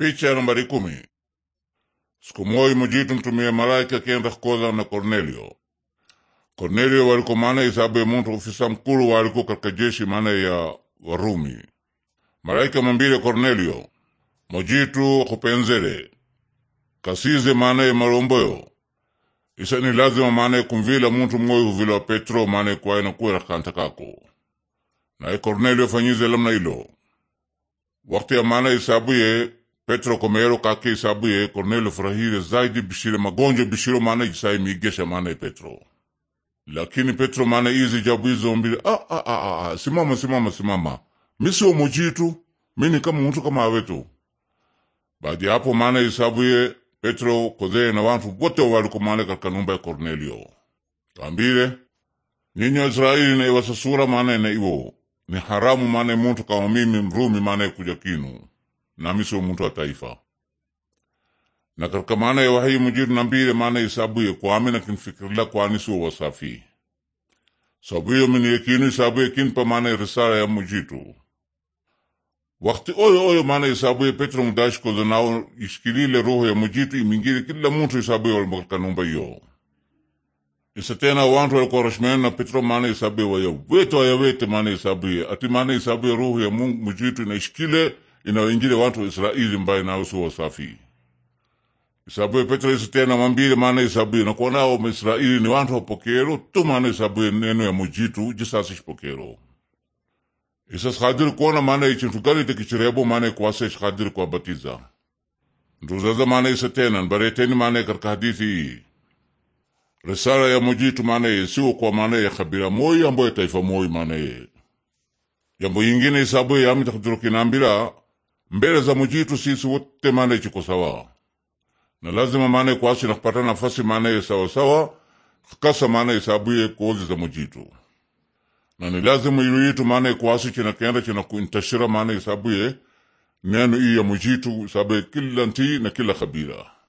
Picha ya nambari kumi. Siku moyi mujitu mtumia malaika kenda kukoza na Kornelio. Kornelio waliko maana isabu ya muntu ofisa mkulu waliko katika jeshi maana ya Warumi. Malaika mambile Kornelio, mujitu akupenzele kasize maana ya isa ni lazima maana ya kumvila muntu mgoi uvila wa Petro maana ya kuwai na kuwera kanta kako naye Kornelio fanyize lamna ilo wakti ya maana isabu ye Petro komero kake isabu ye Kornelio furahire zaidi bishire magonjo bishiro mana jisai migesha mana Petro. Lakini Petro mana izi jabu izo mbili. Ah, ah, ah, ah, ah, simama, simama, simama. Misi wa mojitu, mini kama mtu kama awetu. Baadi hapo mana isabu ye Petro kozeye na wantu wote waliko mana katika numba ya Kornelio. Kambile, nyinyi Israeli na iwasasura mana na iwo. Ni haramu mana muntu kama mimi mrumi mana kuja kinu nami sio muntu wa taifa na katika maana ya wahii mujiri na mbire maana isabuye kwame nakinfikirila kwani sio wasafi sabuyo min yekinu isabuye kinpa maana ya risala ya mujitu wakti oyo oyo maana isabuye petro mudashikozo nao ishikilile roho ya mujitu imingire kila muntu isabuye walimo katika numba iyo isa tena wantu walikuwa rashimani na petro maana isabuye waya wetu ayawete maana isabuye ati maana isabuye roho ya mungu mujitu inaishikile inawainjile watu wa Israeli mbaye nao si wasafii isabuye Petro isi tena mambile maana isabuye nakuwa nao Maisraeli ni wantu wapokero tu maana isabuye neno ya mujitu jisasi shpokero. isas khadiri kuona maana ichintu gari kichirebo maana ikuwasa ishkhadiri kuwabatiza nduzaza maana isa tena nbareteni maana katika hadithi hii risala ya mujitu maana siwo kwa maana ya khabira moi ambaye taifa moi maana Jambo ingine yambo yingine isabuye yamitakdirukinaambira mbele za mujitu sisi wote mane chiko sawa na lazima maana kwasi na kupata nafasi maana sawa sawa kasa maana isabuye kozi za mujitu na ni lazima iluitu maana kwasi china kenda china kuintashira maana isabuye neno iya mujitu isabuye kila nti na kila kabila